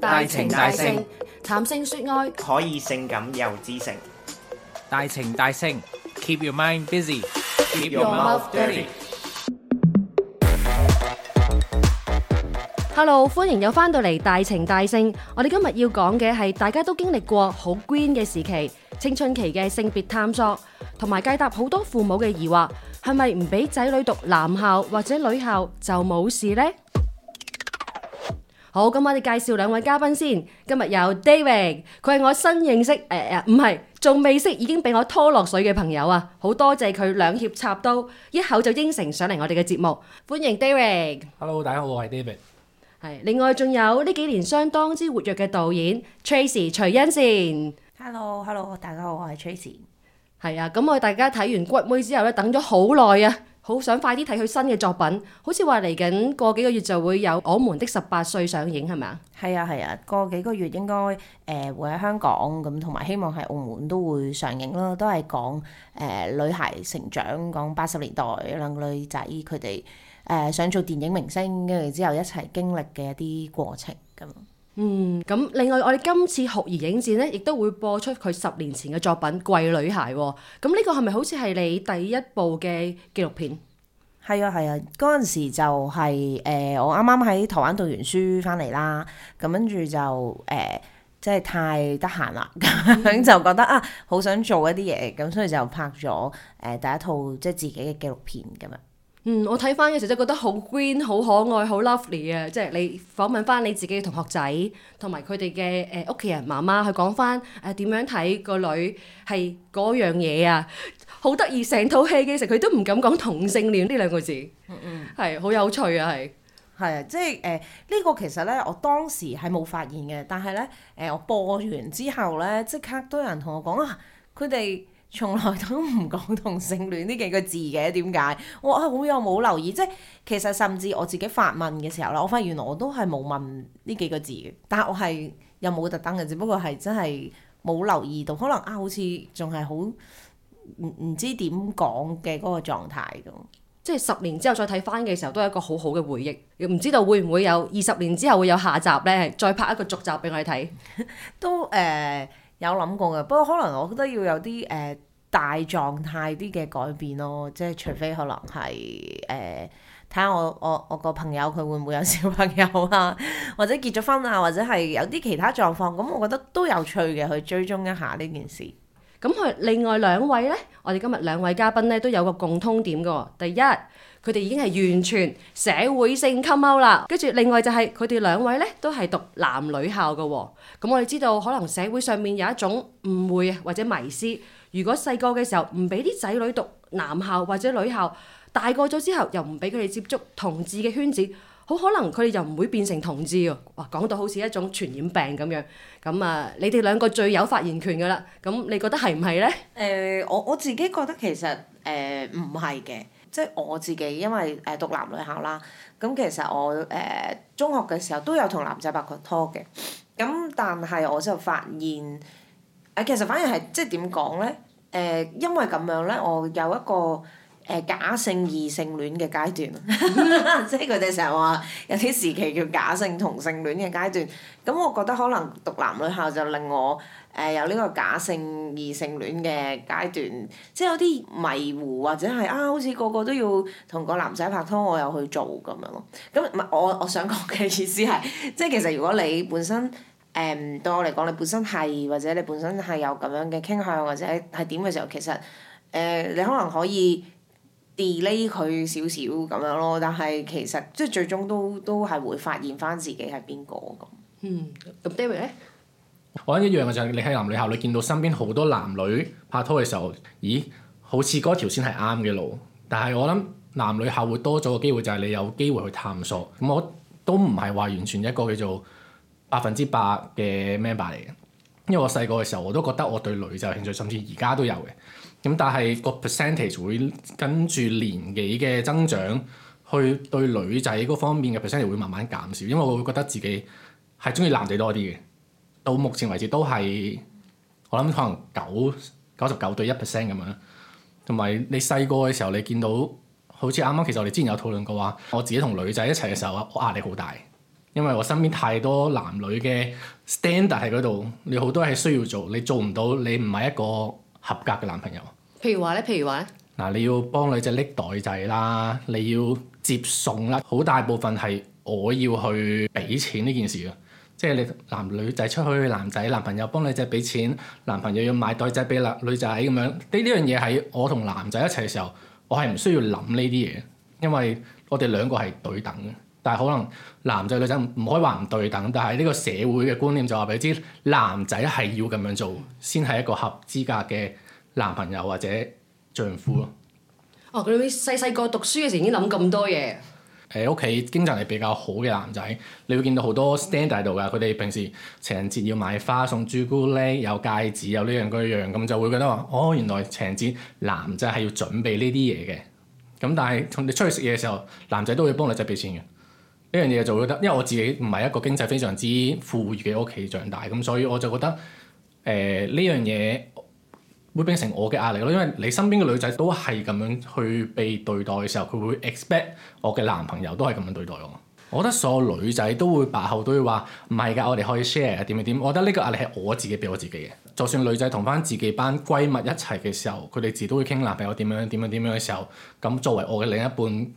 大情大性，談性說愛可以性感又知性。大情大性，keep your mind busy，keep your mouth dirty。Hello，歡迎又翻到嚟《大情大性》，我哋今日要講嘅係大家都經歷過好 green 嘅時期，青春期嘅性別探索，同埋解答好多父母嘅疑惑，係咪唔俾仔女讀男校或者女校就冇事呢？好，咁我哋介紹兩位嘉賓先。今日有 David，佢係我新認識誒誒，唔係仲未識，已經俾我拖落水嘅朋友啊！好多謝佢兩脅插刀，一口就應承上嚟我哋嘅節目，歡迎 David。Hello，大家好，我係 David。係，另外仲有呢幾年相當之活躍嘅導演 Tracy 徐欣羨。Hello，Hello，大家好，我係 Tracy。係啊，咁我哋大家睇完骨妹之後咧，等咗好耐啊。好想快啲睇佢新嘅作品，好似話嚟緊過幾個月就會有《我們的十八歲》上映，係咪啊？係啊係啊，過幾個月應該誒、呃、會喺香港咁，同埋希望喺澳門都會上映咯，都係講誒、呃、女孩成長，講八十年代兩個女仔佢哋誒想做電影明星跟住之後一齊經歷嘅一啲過程咁。嗯，咁另外我哋今次酷兒影展咧，亦都會播出佢十年前嘅作品《櫃裡孩》喎、哦。咁呢個係咪好似係你第一部嘅紀錄片？係啊係啊，嗰陣、啊、時就係、是、誒、呃，我啱啱喺台灣讀完書翻嚟啦。咁跟住就誒，即、呃、係太得閒啦，咁 就覺得啊，好想做一啲嘢，咁所以就拍咗誒、呃、第一套即係自己嘅紀錄片咁樣。嗯，我睇翻嘅時候真係覺得好 green，好可愛，好 lovely 啊！即係你訪問翻你自己嘅同學仔，同埋佢哋嘅誒屋企人媽媽去講翻誒點樣睇個女係嗰樣嘢啊！好得意，成套戲嘅時候佢都唔敢講同性戀呢兩個字，係好、嗯嗯、有趣啊！係係啊，即係誒呢個其實咧，我當時係冇發現嘅，但係咧誒我播完之後咧，即刻都有人同我講啊，佢哋。從來都唔講同性戀呢幾個字嘅，點解？我係好有冇留意，即係其實甚至我自己發問嘅時候啦，我發現原來我都係冇問呢幾個字嘅，但係又冇特登嘅，只不過係真係冇留意到，可能啊好似仲係好唔唔知點講嘅嗰個狀態咁。即係十年之後再睇翻嘅時候，都係一個好好嘅回憶。唔知道會唔會有二十年之後會有下集咧？再拍一個續集俾我哋睇， 都誒。呃有諗過嘅，不過可能我覺得要有啲誒、呃、大狀態啲嘅改變咯，即係除非可能係誒睇下我我我個朋友佢會唔會有小朋友啊，或者結咗婚啊，或者係有啲其他狀況，咁我覺得都有趣嘅去追蹤一下呢件事。咁佢另外兩位咧，我哋今日兩位嘉賓咧都有個共通點㗎喎，第一。佢哋已經係完全社會性 come out 啦，跟住另外就係佢哋兩位咧都係讀男女校嘅喎、哦，咁、嗯、我哋知道可能社會上面有一種誤會啊或者迷思，如果細個嘅時候唔俾啲仔女讀男校或者女校，大個咗之後又唔俾佢哋接觸同志嘅圈子，好可能佢哋就唔會變成同志喎，哇！講到好似一種傳染病咁樣，咁、嗯、啊、嗯，你哋兩個最有發言權㗎喇，咁、嗯、你覺得係唔係咧？誒、呃，我我自己覺得其實誒唔係嘅。呃即係我自己，因為誒、呃、讀男女校啦，咁其實我誒、呃、中學嘅時候都有同男仔拍過拖嘅，咁但係我就發現，誒、呃、其實反而係即係點講咧？誒、呃、因為咁樣咧，我有一個。誒、假性異性戀嘅階段， 即係佢哋成日話有啲時期叫假性同性戀嘅階段。咁我覺得可能讀男女校就令我誒、呃、有呢個假性異性戀嘅階段，即係有啲迷糊或者係啊，好似個個都要同個男仔拍拖，我有去做咁樣咯。咁唔係我，我想講嘅意思係，即係其實如果你本身誒對、呃、我嚟講，你本身係或者你本身係有咁樣嘅傾向或者係點嘅時候，其實誒、呃、你可能可以。Delay 佢少少咁樣咯，但係其實即係最終都都係會發現翻自己係邊個咁。嗯，咁 David 咧？我諗一樣嘅就係、是、你喺男女校你見到身邊好多男女拍拖嘅時候，咦，好似嗰條線係啱嘅路，但係我諗男女校會多咗個機會就係你有機會去探索。咁我都唔係話完全一個叫做百分之百嘅 member 嚟嘅，因為我細個嘅時候我都覺得我對女就有興趣，甚至而家都有嘅。咁但係個 percentage 會跟住年紀嘅增長，去對女仔嗰方面嘅 percentage 會慢慢減少，因為我會覺得自己係中意男仔多啲嘅。到目前為止都係，我諗可能九九十九對一 percent 咁樣。同埋你細個嘅時候你，你見到好似啱啱，其實我哋之前有討論過話，我自己同女仔一齊嘅時候，我壓力好大，因為我身邊太多男女嘅 standard 喺嗰度，你好多係需要做，你做唔到，你唔係一個合格嘅男朋友，譬如話咧，譬如話咧，嗱，你要幫女仔拎袋仔啦，你要接送啦，好大部分係我要去俾錢呢件事啊，即係你男女仔出去，男仔男朋友幫女仔俾錢，男朋友要買袋仔俾女仔咁樣，呢呢樣嘢喺我同男仔一齊嘅時候，我係唔需要諗呢啲嘢，因為我哋兩個係對等嘅。但係可能男仔女仔唔可以話唔對等，但係呢個社會嘅觀念就話俾你知，男仔係要咁樣做先係一個合資格嘅男朋友或者丈夫咯。哦，佢哋細細個讀書嘅時已經諗咁多嘢？誒、欸，屋企經濟係比較好嘅男仔，你會見到好多 standard 度㗎。佢哋平時情人節要買花、送朱古力、有戒指、有呢樣嗰樣，咁就會覺得話：哦，原來情人節男仔係要準備呢啲嘢嘅。咁但係同你出去食嘢嘅時候，男仔都會幫女仔俾錢嘅。呢樣嘢就會覺得，因為我自己唔係一個經濟非常之富裕嘅屋企長大，咁所以我就覺得，誒呢樣嘢會變成我嘅壓力咯。因為你身邊嘅女仔都係咁樣去被對待嘅時候，佢會 expect 我嘅男朋友都係咁樣對待我。我覺得所有女仔都會白後都會話，唔係㗎，我哋可以 share 點樣點樣。我覺得呢個壓力係我自己俾我自己嘅。就算女仔同翻自己班閨蜜一齊嘅時候，佢哋自都會傾男朋友點樣點樣點樣嘅時候，咁作為我嘅另一半。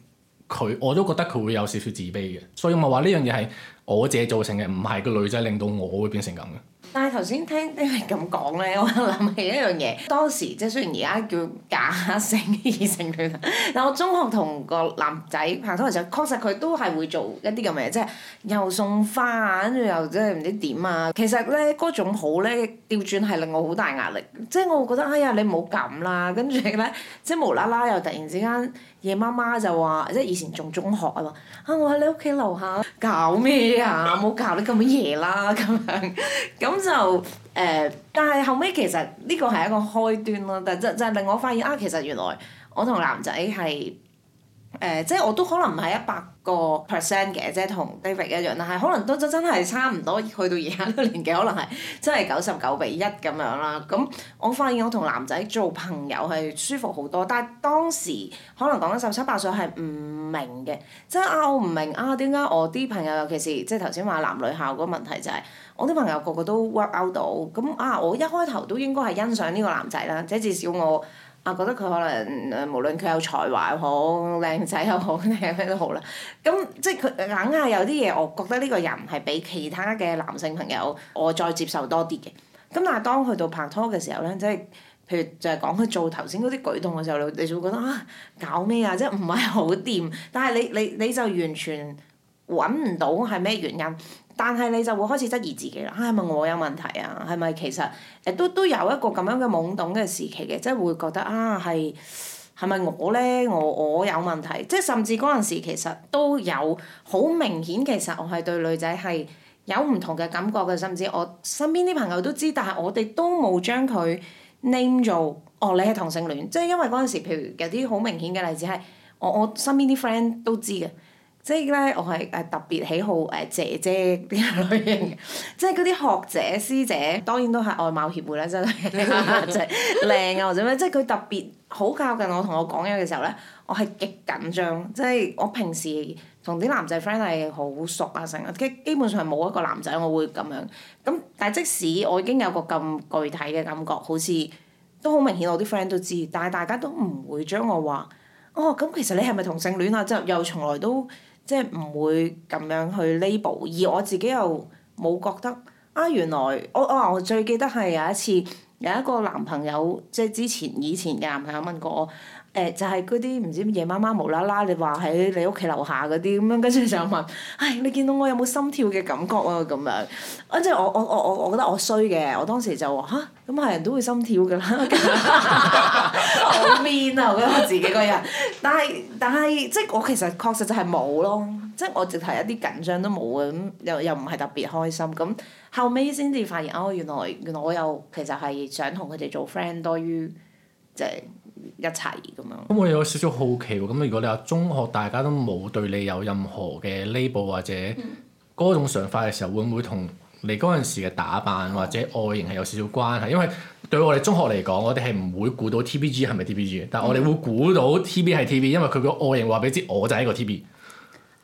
佢我都覺得佢會有少少自卑嘅，所以我咪話呢樣嘢係我自己造成嘅，唔係個女仔令到我會變成咁嘅。但係頭先聽你咁講咧，我又諗起一樣嘢。當時即係雖然而家叫假性異性戀， 但我中學同個男仔拍拖嘅時候，確實佢都係會做一啲咁嘅嘢，即係又送花，跟住又即係唔知點啊。其實咧嗰種好咧，調轉係令我好大壓力。即係我會覺得哎呀你唔好咁啦，跟住咧即係無啦啦又突然之間夜媽媽就話，即係以前仲中學啊嘛，啊我喺你屋企樓下搞咩啊？冇 搞啲咁嘅嘢啦咁樣咁。就誒、呃，但係後尾，其實呢個係一個開端咯，但係就就係令我發現啊，其實原來我同男仔係，誒、呃，即係我都可能唔係一百。個 percent 嘅，即係同 David 一樣，但係可能都真係差唔多，去到而家呢個年紀，可能係真係九十九比一咁樣啦。咁我發現我同男仔做朋友係舒服好多，但係當時可能講緊十七八歲係唔明嘅，即係啊，我唔明啊，點解我啲朋友，尤其是即係頭先話男女校嗰個問題，就係、是、我啲朋友個個都屈勾到，咁啊，我一開頭都應該係欣賞呢個男仔啦，即係至少我。啊，我覺得佢可能無論佢有才華又好，靚仔又好，咩都好啦。咁即係佢硬係有啲嘢，我覺得呢個人係比其他嘅男性朋友我再接受多啲嘅。咁但係當去到拍拖嘅時候咧，即係譬如就係講佢做頭先嗰啲舉動嘅時候，你你就會覺得啊，搞咩啊？即係唔係好掂？但係你你你就完全。揾唔到係咩原因，但係你就會開始質疑自己啦。嚇係咪我有問題啊？係咪其實誒都都有一個咁樣嘅懵懂嘅時期嘅，即係會覺得啊係係咪我咧我我有問題？即係甚至嗰陣時其實都有好明顯，其實我係對女仔係有唔同嘅感覺嘅，甚至我身邊啲朋友都知，但係我哋都冇將佢 name 做，哦你係同性戀，即係因為嗰陣時譬如有啲好明顯嘅例子係我我身邊啲 friend 都知嘅。即係咧，我係誒特別喜好誒、呃、姐姐啲類型嘅， 即係嗰啲學姐師姐，當然都係外貌協會啦，真係靚啊或者咩，即係佢特別好靠近我同我講嘢嘅時候咧，我係極緊張。即係我平時同啲男仔 friend 係好熟啊，成基基本上冇一個男仔我會咁樣。咁但即使我已經有個咁具體嘅感覺，好似都好明顯，我啲 friend 都知，但係大家都唔會將我話哦咁，其實你係咪同性戀啊？之後又從來都。即係唔會咁樣去 label，而我自己又冇覺得啊！原來我我最記得係有一次有一個男朋友，即係之前以前嘅男朋友問過我，誒、呃、就係嗰啲唔知夜媽媽無啦啦，你話喺你屋企樓下嗰啲咁樣，跟住就問，唉你見到我有冇心跳嘅感覺啊咁樣啊！即係我我我我我覺得我衰嘅，我當時就話嚇。咁係人都會心跳㗎啦，好 mean 啊！我覺得我自己個人，但係但係即係我其實確實就係冇咯，即係我直頭有一啲緊張都冇嘅，咁又又唔係特別開心。咁後尾先至發現哦，原來原來我又其實係想同佢哋做 friend 多於即係一齊咁樣。咁我有少少好奇喎，咁如果你話中學大家都冇對你有任何嘅 label 或者嗰種想法嘅時候，會唔會同你嗰陣時嘅打扮或者外形係有少少關係，因為對我哋中學嚟講，我哋係唔會估到 T B G 係咪 T B G，但我哋會估到 T B 係 T B，因為佢個外形話俾你知，我就係一個 T B。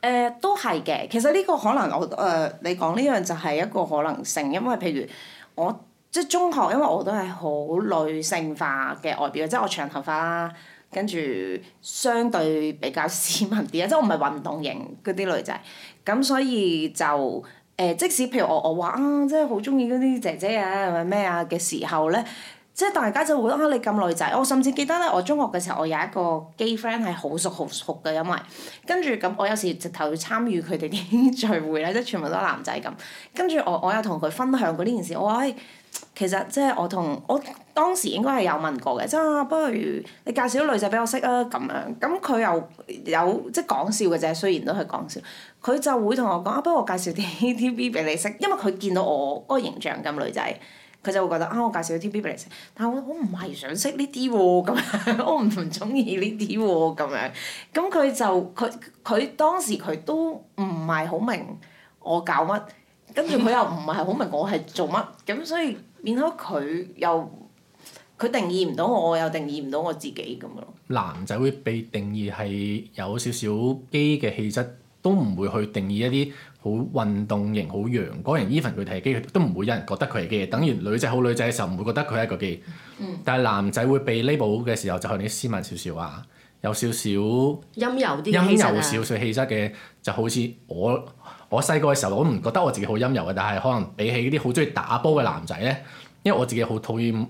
誒、呃，都係嘅。其實呢個可能我誒、呃，你講呢樣就係一個可能性，因為譬如我即係中學，因為我都係好女性化嘅外表，即係我長頭髮啦，跟住相對比較斯文啲，即係我唔係運動型嗰啲女仔，咁所以就。誒、呃，即使譬如我我話啊，即係好中意嗰啲姐姐啊，係咪咩啊嘅時候咧，即係大家就會啊，你咁女仔，我甚至記得咧，我中學嘅時候，我有一個 gay friend 係好熟好熟嘅，因為跟住咁，我有時直頭要參與佢哋嘅啲聚會咧，即係全部都係男仔咁，跟住我我有同佢分享過呢件事，我話誒。哎其實即係我同我當時應該係有問過嘅，即、啊、係不如你介紹啲女仔俾我識啊咁樣。咁佢又有即係講笑嘅啫，雖然都係講笑。佢就會同我講啊，不如我介紹啲 T.V. 俾你識，因為佢見到我嗰個形象咁女仔，佢就會覺得啊，我介紹啲 T.V. 俾你識。但係我我唔係想識呢啲喎，咁樣我唔中意呢啲喎，咁樣。咁佢、啊、就佢佢當時佢都唔係好明我搞乜。跟住佢又唔係好明我係做乜，咁所以變咗佢又佢定義唔到我，我又定義唔到我自己咁咯。樣，男仔會被定義係有少少基嘅氣質，都唔會去定義一啲好運動型、好陽光型。even 佢哋係基，都唔會有人覺得佢係基。等於女仔好女仔嘅時候，唔會覺得佢係一個基。但係男仔會被 label 嘅時候就你，就係啲斯文少少啊。有少少陰柔啲，氣質陰柔，有少少氣質嘅，就好似我，我細個嘅時候，我唔覺得我自己好陰柔嘅，但係可能比起啲好中意打波嘅男仔咧，因為我自己好討厭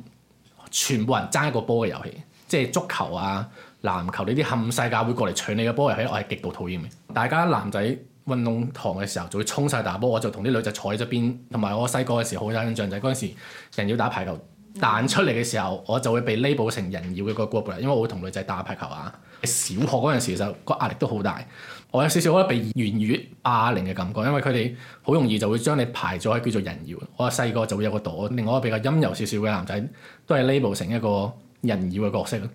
全部人爭一個波嘅遊戲，即係足球啊、籃球呢啲冚世界會過嚟搶你嘅波嘅遊戲，我係極度討厭嘅。大家男仔運動堂嘅時候就會衝晒打波，我就同啲女仔坐喺側邊。同埋我細個嘅時候好有印象就係嗰陣時人妖打排球。彈出嚟嘅時候，我就會被 label 成人妖嘅個 group 嚟，因為我會同女仔打排球啊。小學嗰陣時就個壓力都好大，我有少少覺得被言語霸凌嘅感覺，因為佢哋好容易就會將你排咗係叫做人妖。我細個就會有個朵，另外一個比較陰柔少少嘅男仔，都係 label 成一個人妖嘅角色咯。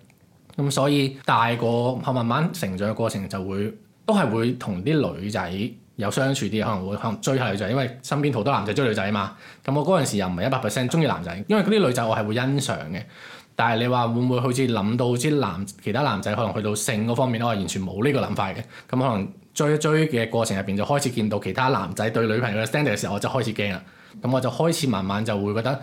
咁所以大個後慢慢成長嘅過程就會都係會同啲女仔。有相處啲，可能會可能追下女仔，因為身邊好多男仔追女仔嘛。咁我嗰陣時又唔係一百 percent 中意男仔，因為嗰啲女仔我係會欣賞嘅。但係你話會唔會好似諗到啲男其他男仔可能去到性嗰方面，我係完全冇呢個諗法嘅。咁可能追一追嘅過程入邊就開始見到其他男仔對女朋友嘅 standard 嘅時候，我就開始驚啦。咁我就開始慢慢就會覺得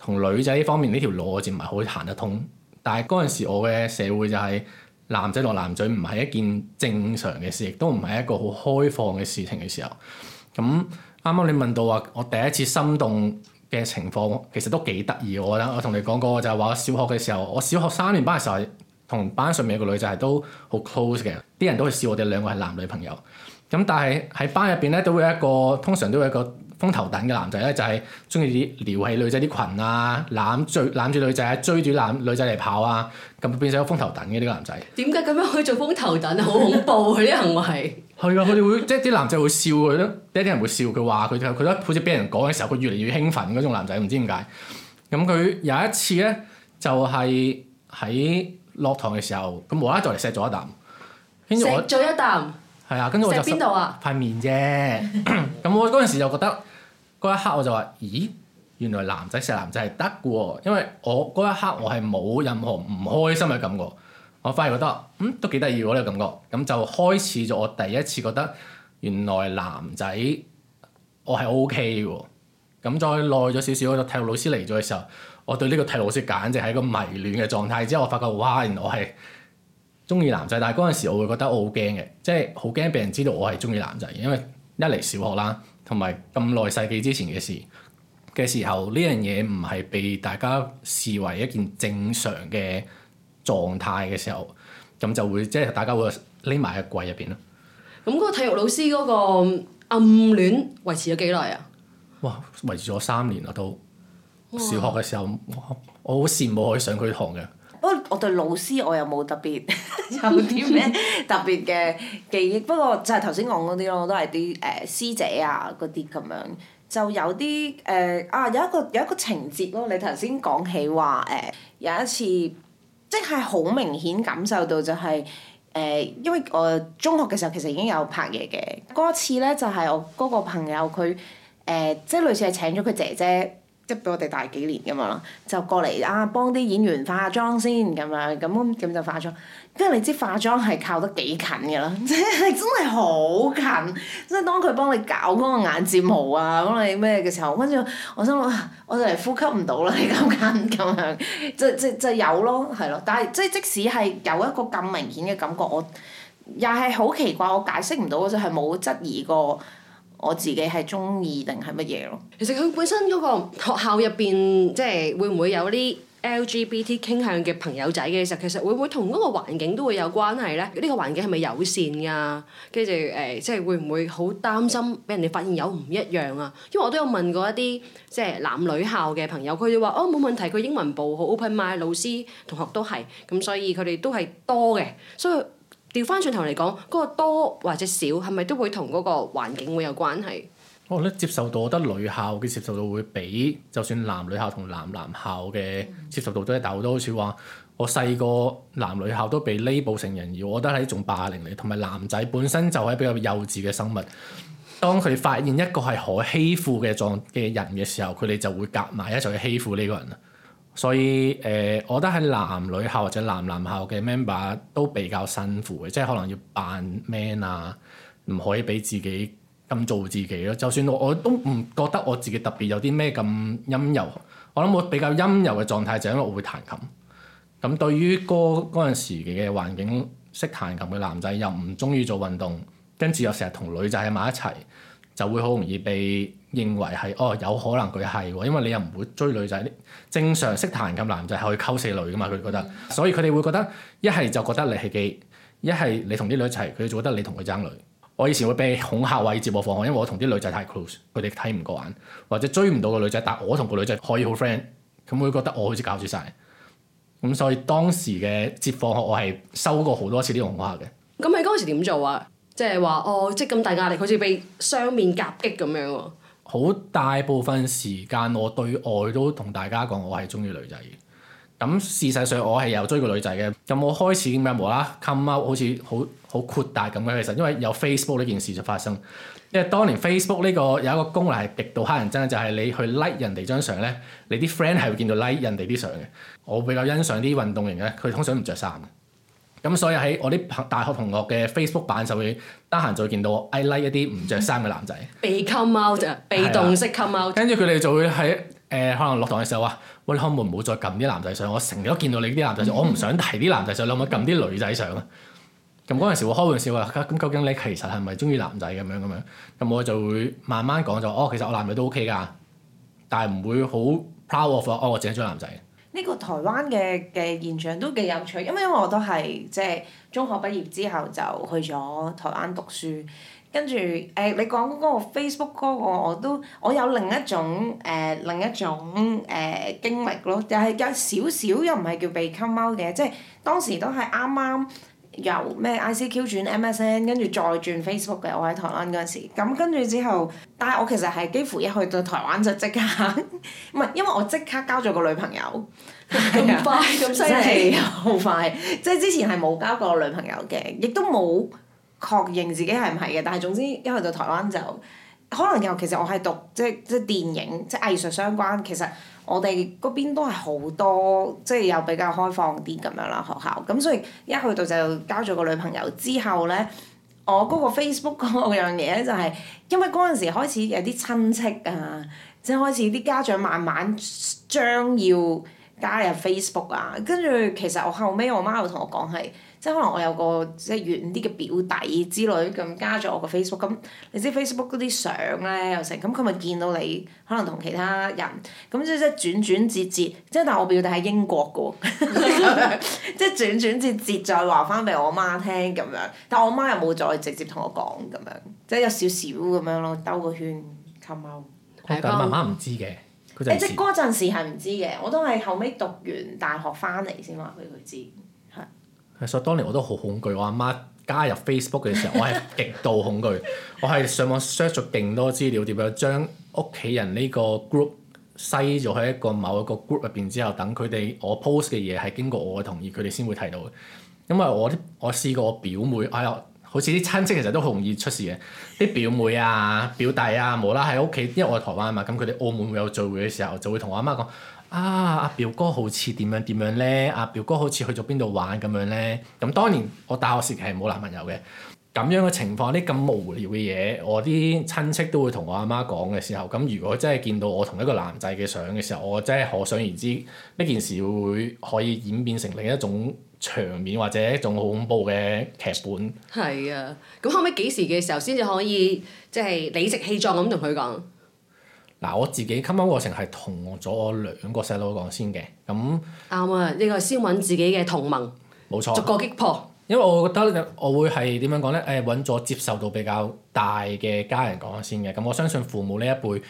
同女仔呢方面呢條路我係唔係好行得通。但係嗰陣時我嘅社會就係、是。男仔落男仔唔係一件正常嘅事，亦都唔係一個好開放嘅事情嘅時候。咁啱啱你問到話，我第一次心動嘅情況其實都幾得意，我覺得。我同你講過就係話，我小學嘅時候，我小學三年班嘅時候，同班上面一個女仔都好 close 嘅，啲人都會笑我哋兩個係男女朋友。咁、嗯、但係喺班入邊咧，都會有一個，通常都會有一個。風頭等嘅男仔咧，就係中意撩起女仔啲裙啊，攬追攬住女仔啊，追住攬女仔嚟跑啊，咁變成咗風頭等嘅呢個男仔。點解咁樣可以做風頭等？ 好恐怖佢、啊、啲行為。係啊， 佢哋會即係啲男仔會笑佢咯，俾啲人會笑佢話佢，佢覺得好似俾人講嘅時候，佢越嚟越興奮嗰種男仔，唔知點解。咁佢有一次咧，就係喺落堂嘅時候，咁無啦啦就嚟錫咗一啖，錫咗一啖。係、嗯、啊，跟住 我就洗邊面啫。咁我嗰陣時就覺得，嗰一刻我就話：咦，原來男仔錫男仔係得嘅喎。因為我嗰一刻我係冇任何唔開心嘅感覺，我反而覺得，嗯，都幾得意喎，呢個感覺。咁就開始咗我第一次覺得，原來男仔我係 O K 嘅喎。咁再耐咗少少，我就體育老師嚟咗嘅時候，我對呢個體育老師簡直係一個迷戀嘅狀態之。之後我發覺，哇！原來我係～中意男仔，但係嗰陣時我會覺得我好驚嘅，即係好驚俾人知道我係中意男仔，因為一嚟小學啦，同埋咁耐世紀之前嘅事嘅時候，呢樣嘢唔係被大家視為一件正常嘅狀態嘅時候，咁就會即係大家會匿埋喺櫃入邊咯。咁嗰個體育老師嗰個暗戀維持咗幾耐啊？哇！維持咗三年喇，都小學嘅時候哇，我好羨慕可以上佢堂嘅。我我對老師，我又冇特別有啲咩特別嘅記憶，不過就係頭先講嗰啲咯，都係啲誒師姐啊嗰啲咁樣，就有啲誒、呃、啊有一個有一個情節咯，你頭先講起話誒、呃、有一次，即係好明顯感受到就係、是、誒、呃，因為我中學嘅時候其實已經有拍嘢嘅嗰次咧，就係、是、我嗰個朋友佢誒、呃，即係類似係請咗佢姐姐。即比我哋大幾年噶嘛，就過嚟啊幫啲演員化下妝先咁樣，咁咁就化妝。跟住你知化妝係靠得幾近噶啦， 真係真係好近。即係當佢幫你搞嗰個眼睫毛啊，幫你咩嘅時候，跟住我心諗，我就嚟呼吸唔到啦，你咁近咁樣，即即就，就，就有咯，係咯。但係即即使係有一個咁明顯嘅感覺，我又係好奇怪，我解釋唔到，我就係冇質疑過。我自己係鍾意定係乜嘢咯？其實佢本身嗰個學校入邊，即係會唔會有啲 LGBT 傾向嘅朋友仔嘅時候，其實會唔會同嗰個環境都會有關係咧？呢個環境係咪友善㗎？跟住誒，即係會唔會好擔心俾人哋發現有唔一樣啊？因為我都有問過一啲即係男女校嘅朋友，佢哋話哦冇問題，佢英文部好 open mind，老師同學都係咁，所以佢哋都係多嘅，所以。調翻轉頭嚟講，嗰、那個多或者少係咪都會同嗰個環境會有關係？我覺得接受度，我覺得女校嘅接受度會比就算男女校同男男校嘅接受度、嗯、都係大好多。好似話我細個男女校都俾 label 成人，而我覺得係一種霸凌嚟。同埋男仔本身就係比較幼稚嘅生物，當佢發現一個係可欺負嘅狀嘅人嘅時候，佢哋就會夾埋一齊去欺負呢個人。所以誒、呃，我覺得喺男女校或者男男校嘅 member 都比較辛苦嘅，即係可能要扮 man 啊，唔可以俾自己咁做自己咯。就算我，我都唔覺得我自己特別有啲咩咁陰柔，我諗我比較陰柔嘅狀態就因為我會彈琴。咁對於歌嗰陣時嘅環境，識彈琴嘅男仔又唔中意做運動，跟住又成日同女仔喺埋一齊，就會好容易被認為係哦，有可能佢係，因為你又唔會追女仔。正常識彈琴嘅男仔係可以溝四女㗎嘛？佢覺得，所以佢哋會覺得一係就覺得你係幾一係你同啲女一齊，佢就覺得你同佢爭女。我以前會畀恐嚇或者接我放學，因為我同啲女仔太 close，佢哋睇唔過眼或者追唔到個女仔，但我同個女仔可以好 friend，咁會覺得我好似搞住晒咁。所以當時嘅接放學，我係收過好多次啲恐嚇嘅。咁你嗰陣時點做啊？即係話哦，即係咁大壓力，好似被雙面夾擊咁樣喎。好大部分時間我對外都同大家講我係中意女仔嘅，咁 bunker 事實上我係有追過女仔嘅，咁我開始咁樣無啦 come out 好似好好擴大咁樣其實，因為有 Facebook 呢件事就發生，因為當年 Facebook 呢個有一個功能係極度乞人憎就係、是、你去 like 人哋張相咧，你啲 friend 係會見到 like 人哋啲相嘅。我比較欣賞啲運動型嘅，佢通常唔着衫。咁所以喺我啲大學同學嘅 Facebook 版上就會得閒就會見到我、I、like 一啲唔着衫嘅男仔。被 out 被動式 out。跟住佢哋就會喺誒、呃、可能落堂嘅時候話：喂，你可唔可以唔好再撳啲男仔相？我成日都見到你啲男仔相，我唔想提啲男仔相， 你可唔可以撳啲女仔相啊？咁嗰陣時我開玩笑話：咁究竟你其實係咪中意男仔咁樣咁樣？咁我就會慢慢講咗：「哦，其實我男女都 OK 噶，但係唔會好 powerful。哦，我淨係中意男仔。呢個台灣嘅嘅現象都幾有趣，因為因為我都係，即係中學畢業之後就去咗台灣讀書，跟住誒、呃、你講嗰個 Facebook 嗰個我都我有另一種誒、呃、另一種誒、呃、經歷咯，但、就、係、是、有少少又唔係叫被 come out 嘅，即係當時都係啱啱。由咩 ICQ 轉 MSN，跟住再轉 Facebook 嘅，我喺台灣嗰陣時。咁跟住之後，但係我其實係幾乎一去到台灣就即刻，唔 係因為我即刻交咗個女朋友咁快咁犀利，好的快。的即係之前係冇交過女朋友嘅，亦都冇確認自己係唔係嘅。但係總之一去到台灣就，可能尤其係我係讀即即電影即藝術相關，其實。我哋嗰邊都係好多，即係又比較開放啲咁樣啦學校。咁所以一去到就交咗個女朋友之後咧，我嗰個 Facebook 嗰樣嘢咧就係，因為嗰陣時開始有啲親戚啊，即係開始啲家長慢慢將要加入 Facebook 啊，跟住其實我後尾，我媽又同我講係。即可能我有個即係遠啲嘅表弟之類咁加咗我個 Facebook，咁你知 Facebook 嗰啲相咧又成，咁佢咪見到你可能同其他人，咁即即係轉轉折折，即但我表弟喺英國嘅喎，即係轉轉折折再話翻俾我媽聽咁樣，但我媽又冇再直接同我講咁樣，即有少少咁樣咯，兜個圈溝溝。但係媽媽唔知嘅，佢即嗰陣時係唔知嘅，我都係後尾讀完大學翻嚟先話俾佢知。係，所以當年我都好恐懼，我阿媽加入 Facebook 嘅時候，我係極度恐懼，我係上網 search 咗勁多資料，點樣將屋企人呢個 group 篩咗喺一個某一個 group 入邊之後，等佢哋我 post 嘅嘢係經過我嘅同意，佢哋先會睇到嘅。因為我啲我試過我表妹，哎呀，好似啲親戚其實都好容易出事嘅，啲表妹啊、表弟啊，無啦喺屋企，因為我喺台灣啊嘛，咁佢哋澳門會有聚會嘅時候，就會同我阿媽講。啊！阿表哥好似點樣點樣咧？阿、啊、表哥好似去咗邊度玩咁樣咧？咁當年我大學時期係冇男朋友嘅，咁樣嘅情況啲咁無聊嘅嘢，我啲親戚都會同我阿媽講嘅時候，咁如果真係見到我同一個男仔嘅相嘅時候，我真係可想而知呢件事會可以演變成另一種場面或者一種好恐怖嘅劇本。係啊，咁後尾幾時嘅時候先至可以即係、就是、理直氣壯咁同佢講？嗱，我自己溝通過程係同咗我兩個細佬講先嘅，咁啱啊！呢個先揾自己嘅同盟，冇錯，逐個擊破。因為我覺得我會係點樣講咧？誒，揾咗接受度比較大嘅家人講先嘅。咁我相信父母呢一輩，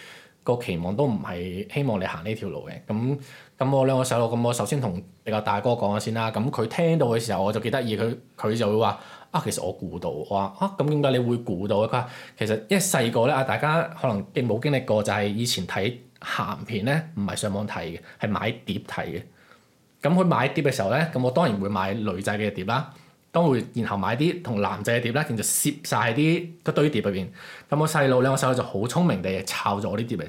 個期望都唔係希望你行呢條路嘅，咁咁我兩個細路咁，我首先同你個大哥講下先啦。咁佢聽到嘅時候我就幾得意，佢佢就會話啊，其實我估到，我話啊，咁點解你會估到啊？佢話其實因為細個咧啊，大家可能亦冇經歷過，就係以前睇鹹片咧，唔係上網睇嘅，係買碟睇嘅。咁佢買碟嘅時候咧，咁我當然會買女仔嘅碟啦。當會，然後買啲同男仔嘅碟啦，然後攝晒啲個堆碟入邊。咁我細佬兩個細佬就好聰明地摷咗我啲碟嚟睇。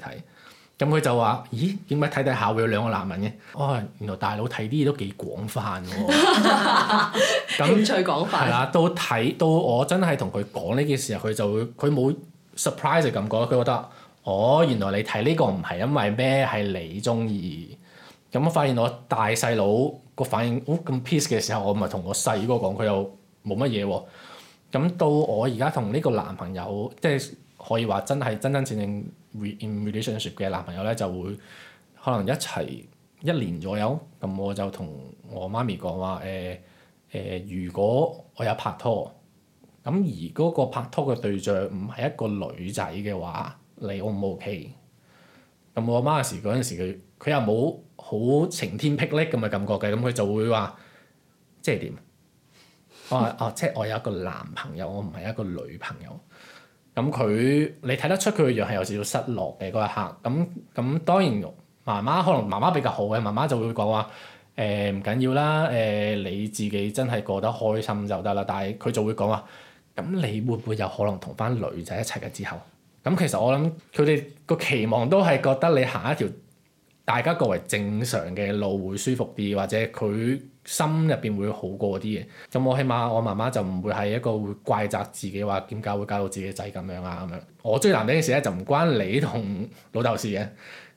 咁佢就話：咦，點解睇睇下會有兩個男人嘅？哦，原來大佬睇啲嘢都幾廣泛喎。興趣廣泛。係啦、啊，到睇到我真係同佢講呢件事，佢就會佢冇 surprise 嘅感覺。佢覺得：哦，原來你睇呢個唔係因為咩係你中意。咁我發現我大細佬。個反應好咁、哦、peace 嘅時候，我唔係同我細個講，佢又冇乜嘢喎。咁、嗯、到我而家同呢個男朋友，即係可以話真係真真正正 in relationship 嘅男朋友咧，就會可能一齊一年左右。咁、嗯、我就同我媽咪講話誒誒，如果我有拍拖，咁、嗯、而嗰個拍拖嘅對象唔係一個女仔嘅話，你好唔 OK。咁、嗯、我阿媽嗰陣時佢。佢又冇好晴天霹靂咁嘅感覺嘅，咁佢就會話，即係點？我話哦，即係我有一個男朋友，我唔係一個女朋友。咁佢你睇得出佢嘅樣係有少少失落嘅嗰一刻。咁咁當然媽媽可能媽媽比較好嘅，媽媽就會講話誒唔緊要啦，誒、呃、你自己真係過得開心就得啦。但係佢就會講話，咁你會唔會有可能同返女仔一齊嘅之後？咁其實我諗佢哋個期望都係覺得你行一條。大家作為正常嘅路會舒服啲，或者佢心入邊會好過啲嘅。咁我起碼我媽媽就唔會係一個會怪責自己話點解會搞到自己仔咁樣啊咁樣。我追男仔嘅事咧就唔關你同老豆事嘅，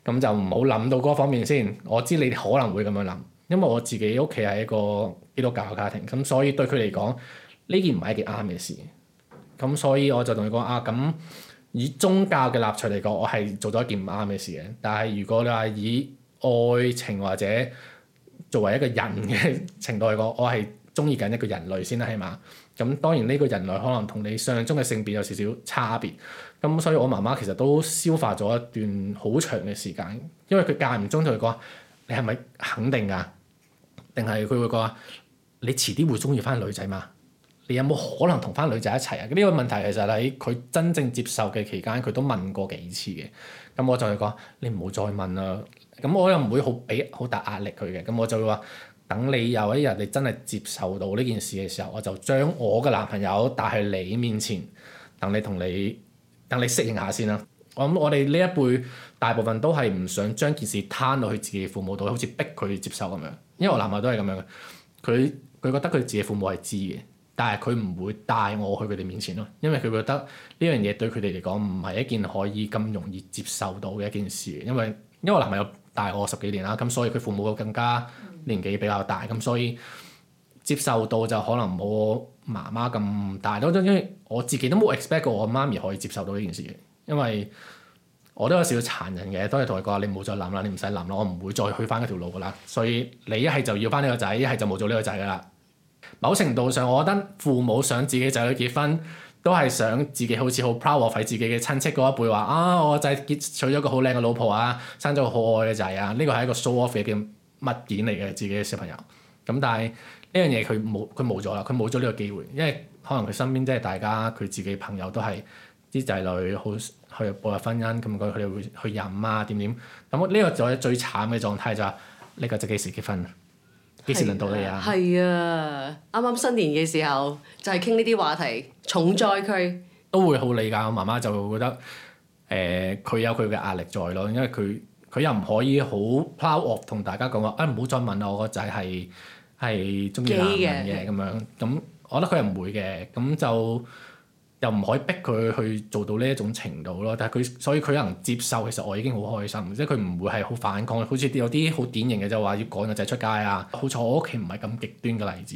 咁就唔好諗到嗰方面先。我知你可能會咁樣諗，因為我自己屋企係一個基督教家庭，咁所以對佢嚟講呢件唔係一件啱嘅事。咁所以我就同佢講啊，咁。以宗教嘅立場嚟講，我係做咗一件唔啱嘅事嘅。但係如果你話以愛情或者作為一個人嘅程度嚟講，我係中意緊一個人類先啦，起碼。咁當然呢個人類可能同你想象中嘅性別有少少差別。咁所以我媽媽其實都消化咗一段好長嘅時間，因為佢間唔中就會講：你係咪肯定㗎，啊？定係佢會講：你遲啲會中意翻女仔嘛？」你有冇可能同翻女仔一齊啊？呢個問題其實喺佢真正接受嘅期間，佢都問過幾次嘅。咁我就係講，你唔好再問啦。咁我又唔會好俾好大壓力佢嘅。咁我就會話，等你有一日你真係接受到呢件事嘅時候，我就將我嘅男朋友帶去你面前，等你同你等你適應下先啦。我諗我哋呢一輩大部分都係唔想將件事攤落去自己父母度，好似逼佢接受咁樣。因為我男朋友都係咁樣嘅，佢佢覺得佢自己父母係知嘅。但係佢唔會帶我去佢哋面前咯，因為佢覺得呢樣嘢對佢哋嚟講唔係一件可以咁容易接受到嘅一件事。因為因為我男朋友大我十幾年啦，咁所以佢父母更加年紀比較大，咁所以接受到就可能冇媽媽咁大。好多，因為我自己都冇 expect 過我媽咪可以接受到呢件事，因為我都有少少殘忍嘅，都係同佢講：你唔好再諗啦，你唔使諗啦，我唔會再去翻一條路噶啦。所以你一係就要翻呢個仔，一係就冇做呢個仔啦。某程度上，我覺得父母想自己仔女結婚，都係想自己好似好 power 費自己嘅親戚嗰一輩話啊，我仔結娶咗個好靚嘅老婆啊，生咗個好可愛嘅仔啊，呢個係一個,個 show off 嘅物件嚟嘅，自己嘅小朋友。咁但係呢樣嘢佢冇，佢冇咗啦，佢冇咗呢個機會，因為可能佢身邊即係大家，佢自己朋友都係啲仔女好去步入婚姻，咁佢佢哋會去飲啊點點。咁呢個就係最慘嘅狀態就係、是、呢、這個即係幾時結婚？幾時輪到你啊？係啊，啱啱新年嘅時候就係傾呢啲話題，重災區都會好理解。我媽媽就會覺得，誒、呃、佢有佢嘅壓力在咯，因為佢佢又唔可以好 power 同大家講話，啊唔好再問我個仔係係中意呢樣嘢。咁樣，咁我覺得佢係唔會嘅，咁就。又唔可以逼佢去做到呢一種程度咯，但係佢所以佢能接受，其實我已經好開心，即係佢唔會係好反抗，好似有啲好典型嘅就話要趕個仔出街啊。好彩我屋企唔係咁極端嘅例子。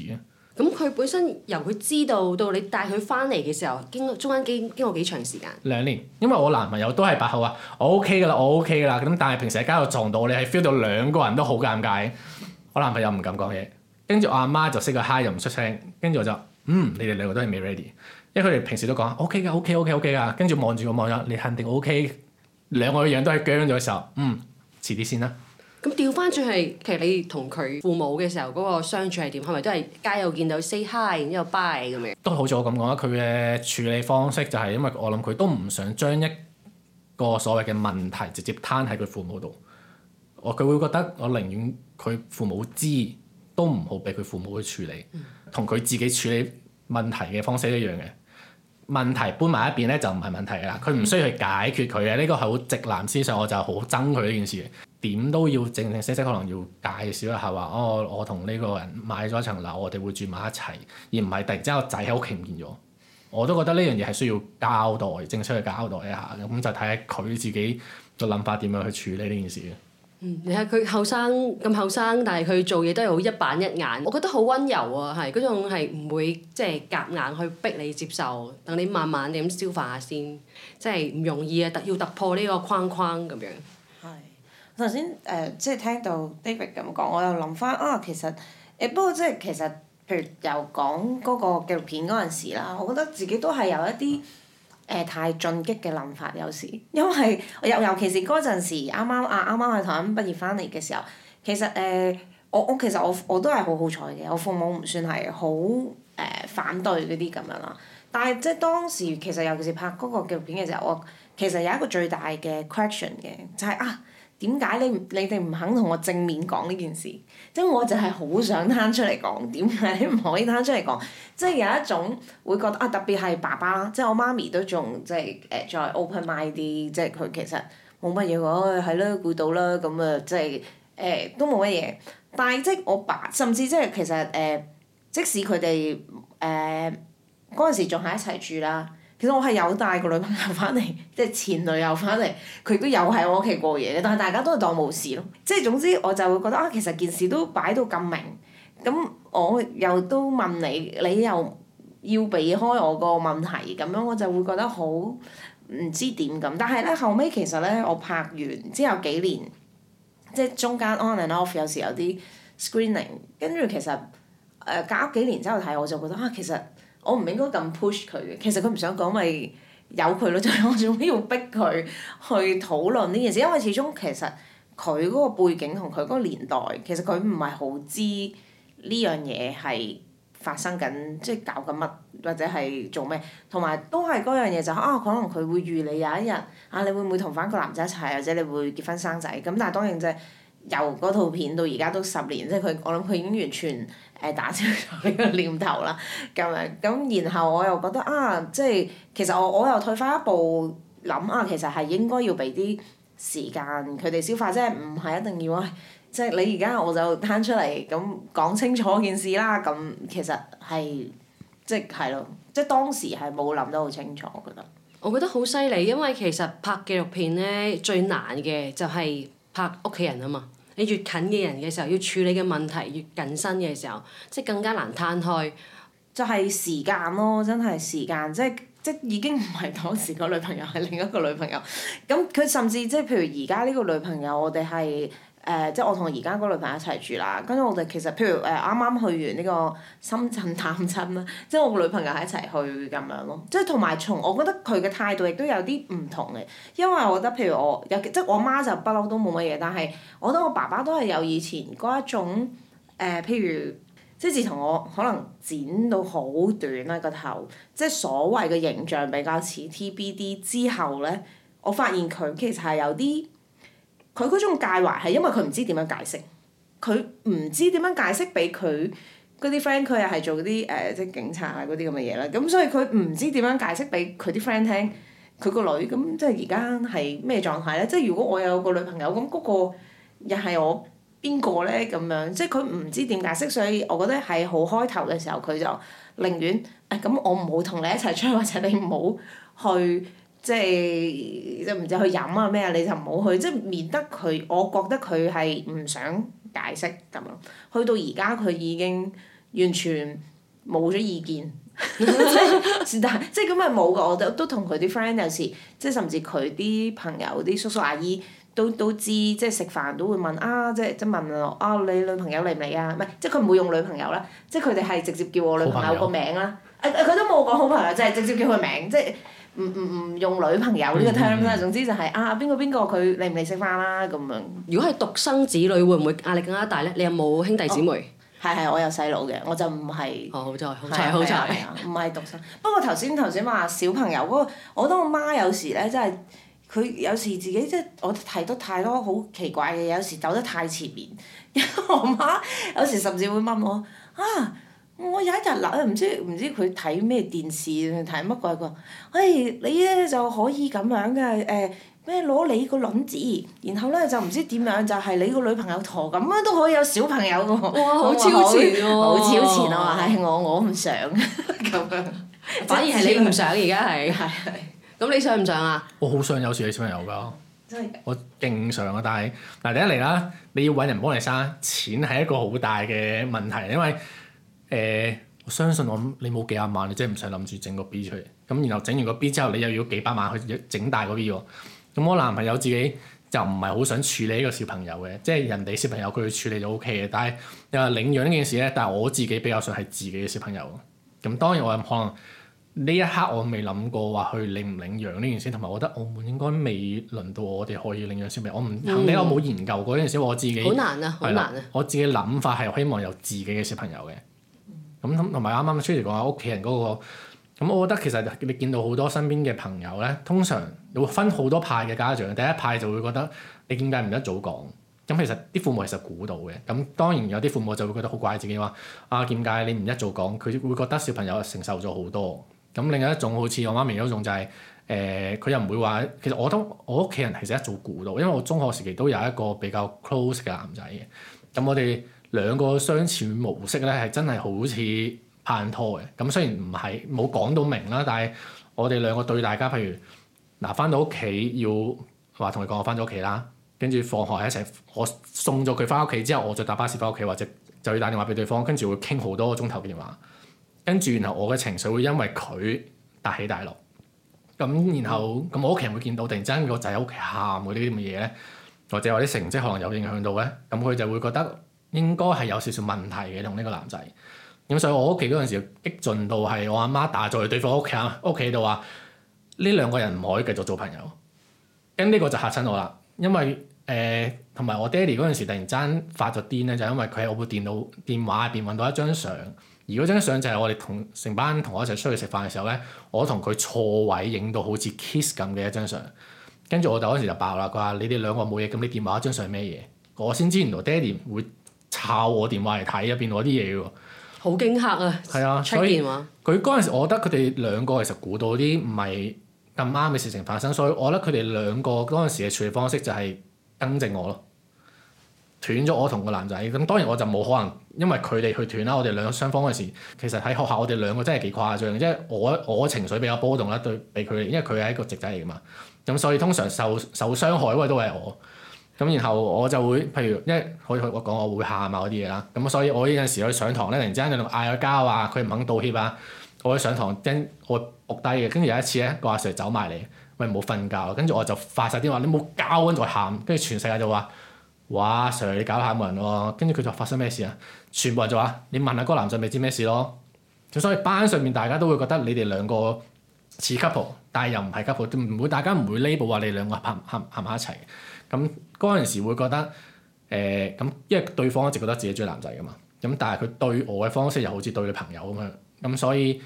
咁佢本身由佢知道到你帶佢翻嚟嘅時候，經中間經經過幾長時間？兩年，因為我男朋友都係八號啊，我 OK 㗎啦。我 OK 㗎啦。咁但係平時喺街度撞到，你係 feel 到兩個人都好尷尬。我男朋友唔敢講嘢，跟住我阿媽就識個嗨又唔出聲，跟住我就嗯，你哋兩個都係未 ready。因為佢哋平時都講，OK 㗎，OK，OK，OK 㗎，跟住望住個網友，你肯定 OK。兩個樣都係僵咗嘅時候，嗯，遲啲先啦。咁調翻轉係其實你同佢父母嘅時候嗰個相處係點？係咪都係街又見到 say hi，然之後 bye 咁樣？都好似我咁講啦，佢嘅處理方式就係因為我諗佢都唔想將一個所謂嘅問題直接攤喺佢父母度。我佢會覺得我寧願佢父母知都唔好俾佢父母去處理，同佢、嗯、自己處理問題嘅方式一樣嘅。問題搬埋一邊咧就唔係問題㗎啦，佢唔需要去解決佢嘅。呢個係好直男思想，我就好憎佢呢件事，點都要正正式式可能要介紹一下話哦，我同呢個人買咗層樓，我哋會住埋一齊，而唔係突然之間個仔喺屋企唔見咗。我都覺得呢樣嘢係需要交代，正式去交代一下嘅，咁就睇下佢自己個諗法點樣去處理呢件事。嗯，你睇佢後生咁後生，但係佢做嘢都係好一板一眼。我覺得好温柔啊，係嗰種係唔會即係夾硬，硬去逼你接受，等你慢慢咁消化先，即係唔容易啊！突要突破呢個框框咁樣。係，頭先誒即係聽到 David 咁講，我又諗翻啊，其實誒、欸、不過即係其實，譬如又講嗰個紀錄片嗰陣時啦，我覺得自己都係有一啲。誒、呃、太進擊嘅諗法有時，因為尤尤其是嗰陣時，啱啱啊啱啱喺台灣畢業翻嚟嘅時候，其實誒、呃、我我其實我我都係好好彩嘅，我父母唔算係好誒反對嗰啲咁樣啦。但係即係當時其實尤其是拍嗰個紀錄片嘅時候，我其實有一個最大嘅 question 嘅，就係、是、啊點解你你哋唔肯同我正面講呢件事？即我就係好想攤出嚟講，點解唔可以攤出嚟講？即有一種會覺得啊，特別係爸爸啦，即我媽咪都仲即係誒、呃、再 open mind 啲，即佢其實冇乜嘢喎，係咯估到啦，咁啊即係誒、呃、都冇乜嘢。但係即我爸，甚至即其實誒，即使佢哋誒嗰陣時仲喺一齊住啦。其實我係有帶個女朋友翻嚟，即係前女友翻嚟，佢都有喺我屋企過夜嘅，但係大家都係當冇事咯。即係總之，我就會覺得啊，其實件事都擺到咁明，咁、嗯、我又都問你，你又要避開我個問題，咁樣我就會覺得好唔知點咁。但係咧，後尾其實咧，我拍完之後幾年，即係中間 on and off 有時有啲 screening，跟住其實誒、呃、隔幾年之後睇，我就覺得啊，其實。我唔應該咁 push 佢嘅，其實佢唔想講咪由佢咯，就係我做咩要逼佢去討論呢件事？因為始終其實佢嗰個背景同佢嗰個年代，其實佢唔係好知呢樣嘢係發生緊，即係搞緊乜或者係做咩。同埋都係嗰樣嘢就啊，可能佢會預你有一日啊，你會唔會同翻個男仔一齊，或者你會結婚生仔？咁但係當然就係由嗰套片到而家都十年，即係佢我諗佢已經完全。誒， 打消咗呢個念頭啦，咁樣咁然後我又覺得啊，即係其實我我又退翻一步諗啊，其實係應該要俾啲時間佢哋消化，即係唔係一定要啊？即係你而家我就攤出嚟咁講清楚件事啦。咁其實係即係係咯，即係當時係冇諗得好清楚，我覺得。我覺得好犀利，因為其實拍紀錄片咧最難嘅就係拍屋企人啊嘛。你越近嘅人嘅時候，要處理嘅問題越近身嘅時候，即更加難攤開。就係時間咯，真係時間，即係即係已經唔係當時個女朋友，係另一個女朋友。咁佢甚至即譬如而家呢個女朋友，我哋係。誒、呃，即我同而家個女朋友一齊住啦，跟住我哋其實，譬如誒，啱、呃、啱去完呢個深圳探親啦，即我個女朋友係一齊去咁樣咯，即同埋從我覺得佢嘅態度亦都有啲唔同嘅，因為我覺得譬如我有即我媽就不嬲都冇乜嘢，但係我覺得我爸爸都係有以前嗰一種誒、呃，譬如即自從我可能剪到好短啦個頭，即所謂嘅形象比較似 TBD 之後咧，我發現佢其實係有啲。佢嗰種介懷係因為佢唔知點樣解釋，佢唔知點樣解釋俾佢嗰啲 friend，佢又係做嗰啲誒即警察啊嗰啲咁嘅嘢啦，咁所以佢唔知點樣解釋俾佢啲 friend 聽，佢個女咁即係而家係咩狀態咧？即係如果我有個女朋友咁嗰個又係我邊個咧咁樣？即係佢唔知點解釋，所以我覺得喺好開頭嘅時候佢就寧願誒咁、哎、我唔好同你一齊出去，或者你唔好去。即係即唔知去飲啊咩啊，你就唔好去，即係免得佢，我覺得佢係唔想解釋咁咯。去到而家佢已經完全冇咗意見，但 即咁係冇噶。我都都同佢啲 friend 有時，即甚至佢啲朋友啲叔叔阿姨都都知，即食飯都會問啊，即即問我啊，你女朋友嚟唔嚟啊？唔係，即佢唔會用女朋友啦，即佢哋係直接叫我女朋友個名啦。誒誒，佢都冇講好朋友，即係直接叫佢名，即，即唔唔唔用女朋友呢個 term 啦，總之就係、是、啊邊個邊個佢嚟唔嚟食飯啦咁樣。如果係獨生子女會唔會壓力更加大咧？你有冇兄弟姊妹？係係、哦，我有細佬嘅，我就唔係。好彩好彩唔係獨生。 不過頭先頭先話小朋友嗰個，我覺得我媽有時咧真係，佢有時自己即係我提得太多好奇怪嘅嘢。有時走得太前面。因為我媽有時甚至會問我啊。我有一日啦，唔知唔知佢睇咩電視定睇乜鬼㗎，哎你咧就可以咁樣㗎，誒咩攞你個卵子，然後咧就唔知點樣，就係、是、你個女朋友陀咁樣都可以有小朋友喎，好、哦、哇超前喎，好、哦、超前啊！唉，我我唔想咁樣，反而係你唔想而家係係係，咁你想唔想啊？我好想有自己小朋友㗎，以我勁想啊！但係嗱第一嚟啦，你要揾人幫你生，錢係一個好大嘅問題，因為，誒、欸，我相信我你冇幾十萬，你真係唔使諗住整個 B 出嚟。咁、嗯、然後整完個 B 之後，你又要幾百萬去整大個 B 喎、嗯。咁我男朋友自己就唔係好想處理呢個小朋友嘅，即係人哋小朋友佢處理就 O K 嘅。但係啊領養呢件事咧，但係我自己比較想係自己嘅小朋友。咁當然我可能呢一刻我未諗過話去領唔領養呢件事，同埋我覺得澳門應該未輪到我哋可以領養小朋友。我唔、啊，你我冇研究過呢件事，我自己好難啊，好難啊。我自己諗法係希望有自己嘅小朋友嘅。咁同埋啱啱崔爺講話屋企人嗰個，咁我覺得其實你見到好多身邊嘅朋友咧，通常會分好多派嘅家長。第一派就會覺得你點解唔一早講？咁其實啲父母其實估到嘅。咁當然有啲父母就會覺得好怪自己話：啊，點解你唔一早講？佢會覺得小朋友承受咗好多。咁另一種好似我媽咪嗰種就係，誒佢又唔會話。其實我都我屋企人其實一早估到，因為我中學時期都有一個比較 close 嘅男仔嘅。咁我哋兩個相處模式咧，係真係好似拍緊拖嘅。咁雖然唔係冇講到明啦，但係我哋兩個對大家，譬如嗱，翻到屋企要話同你講，我翻咗屋企啦。跟住放學係一齊，我送咗佢翻屋企之後，我再搭巴士翻屋企，或者就要打電話俾對方，跟住會傾好多個鐘頭電話。跟住然後我嘅情緒會因為佢大起大落。咁然後咁、嗯、我屋企人會見到，突然之間個仔喺屋企喊嗰啲咁嘅嘢咧，或者話啲成績可能有影響到咧，咁佢就會覺得，應該係有少少問題嘅，同呢個男仔。咁所以我屋企嗰陣時激進到係我阿媽，媽打咗去對方屋企啊，屋企度話呢兩個人唔可以繼續做朋友，咁呢個就嚇親我啦。因為誒，同埋我爹哋嗰陣時突然間發咗癲咧，就係，因為佢喺我部電腦電話入邊揾到一張相，而嗰張相就係我哋同成班同學一齊出去食飯嘅時候咧，我同佢錯位影到好似 kiss 咁嘅一張相。跟住我爸嗰陣時就爆啦，佢話你哋兩個冇嘢，咁你電話一張相係咩嘢？我先知原來爹哋會。靠我電話嚟睇入邊嗰啲嘢喎，好驚嚇啊！係啊，所以佢嗰陣時，我覺得佢哋兩個其實估到啲唔係咁啱嘅事情發生，所以我覺得佢哋兩個嗰陣時嘅處理方式就係更正我咯，斷咗我同個男仔。咁當然我就冇可能因為佢哋去斷啦，我哋兩個雙方嗰時其實喺學校，我哋兩個真係幾誇張，即係我我情緒比較波動啦，對，俾佢，因為佢係一個直仔嚟噶嘛，咁所以通常受受傷害嗰個都係我。咁然後我就會，譬如因為可以我講我會喊啊嗰啲嘢啦，咁所以我呢陣時去上堂咧，突然之間嗌咗交啊，佢唔肯道歉啊，我去上堂一陣我哭低嘅，跟住有一次咧個阿 Sir 走埋嚟，喂冇瞓覺，跟住我就發晒啲話，你冇搞啊就喊，跟住全世界就話，哇 Sir 你搞喊冇人，跟住佢就發生咩事啊？全部人就話，你問下嗰個男仔咪知咩事咯。咁所以班上面大家都會覺得你哋兩個似 couple，但係又唔係 couple，唔會大家唔會 label 話你哋兩個喊喊喊埋一齊。咁嗰陣時會覺得誒咁、呃，因為對方一直覺得自己中意男仔噶嘛，咁但係佢對我嘅方式又好似對女朋友咁樣，咁、嗯、所以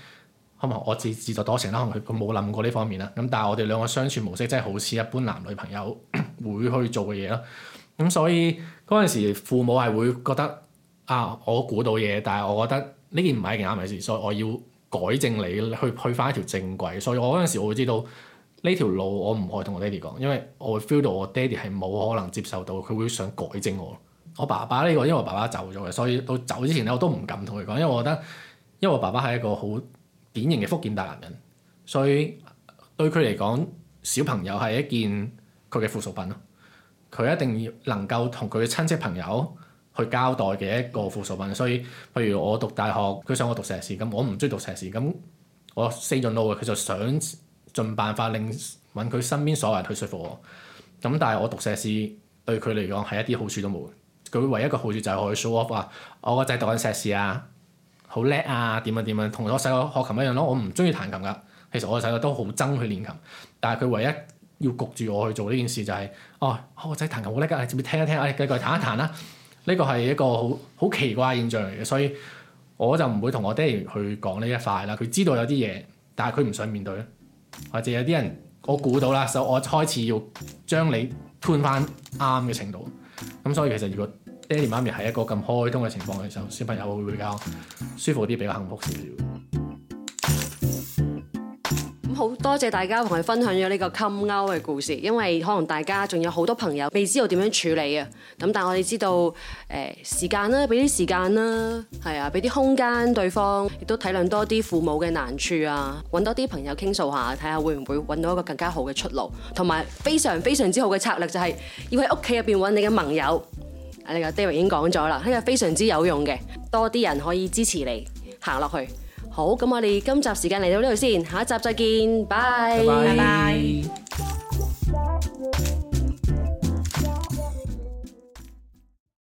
可能我自自作多情啦，可能佢佢冇諗過呢方面啦。咁但係我哋兩個相處模式真係好似一般男女朋友會去做嘅嘢咯。咁、嗯、所以嗰陣時父母係會覺得啊，我估到嘢，但係我覺得呢件唔係一件啱嘅事，所以我要改正你去去翻一條正軌。所以我嗰陣時我會知道。呢條路我唔可以同我爹哋講，因為我會 feel 到我爹哋係冇可能接受到，佢會想改正我。我爸爸呢個因為我爸爸走咗嘅，所以到走之前咧我都唔敢同佢講，因為我覺得因為我爸爸係一個好典型嘅福建大男人，所以對佢嚟講，小朋友係一件佢嘅附屬品咯。佢一定要能夠同佢嘅親戚朋友去交代嘅一個附屬品。所以譬如我讀大學，佢想我讀碩士，咁我唔中意讀碩士，咁我四進路，佢就想，盡辦法令揾佢身邊所有人去説服我，咁但係我讀碩士對佢嚟講係一啲好處都冇。佢唯一嘅好處就係可以 show off 啊，我個仔讀緊碩士啊，好叻啊，點樣點樣，同我細個學琴一樣咯。我唔中意彈琴噶，其實我細個都好憎佢練琴，但係佢唯一要焗住我去做呢件事就係、是，哦、啊啊，我個仔彈琴好叻㗎，你知唔知聽一聽啊，你繼續彈一彈啦、啊。呢個係一個好好奇怪嘅現象嚟嘅，所以我就唔會同我爹哋去講呢一塊啦。佢知道有啲嘢，但係佢唔想面對咧。或者有啲人我估到啦，就我開始要將你盤翻啱嘅程度，咁所以其實如果爹哋媽咪係一個咁開通嘅情況嘅時候，小朋友會比較舒服啲，比較幸福少少。好多謝大家同佢分享咗呢、這個 come out 嘅故事，因為可能大家仲有好多朋友未知道點樣處理啊。咁但係我哋知道，誒、呃、時間啦，俾啲時間啦，係啊，俾啲空間對方，亦都體諒多啲父母嘅難處啊，搵多啲朋友傾訴下，睇下會唔會搵到一個更加好嘅出路。同埋非常非常之好嘅策略就係要喺屋企入邊搵你嘅盟友。啊，呢個 David 已經講咗啦，呢、這個非常之有用嘅，多啲人可以支持你行落去。好，咁我哋今集時間嚟到呢度先，下一集再見，拜拜拜拜。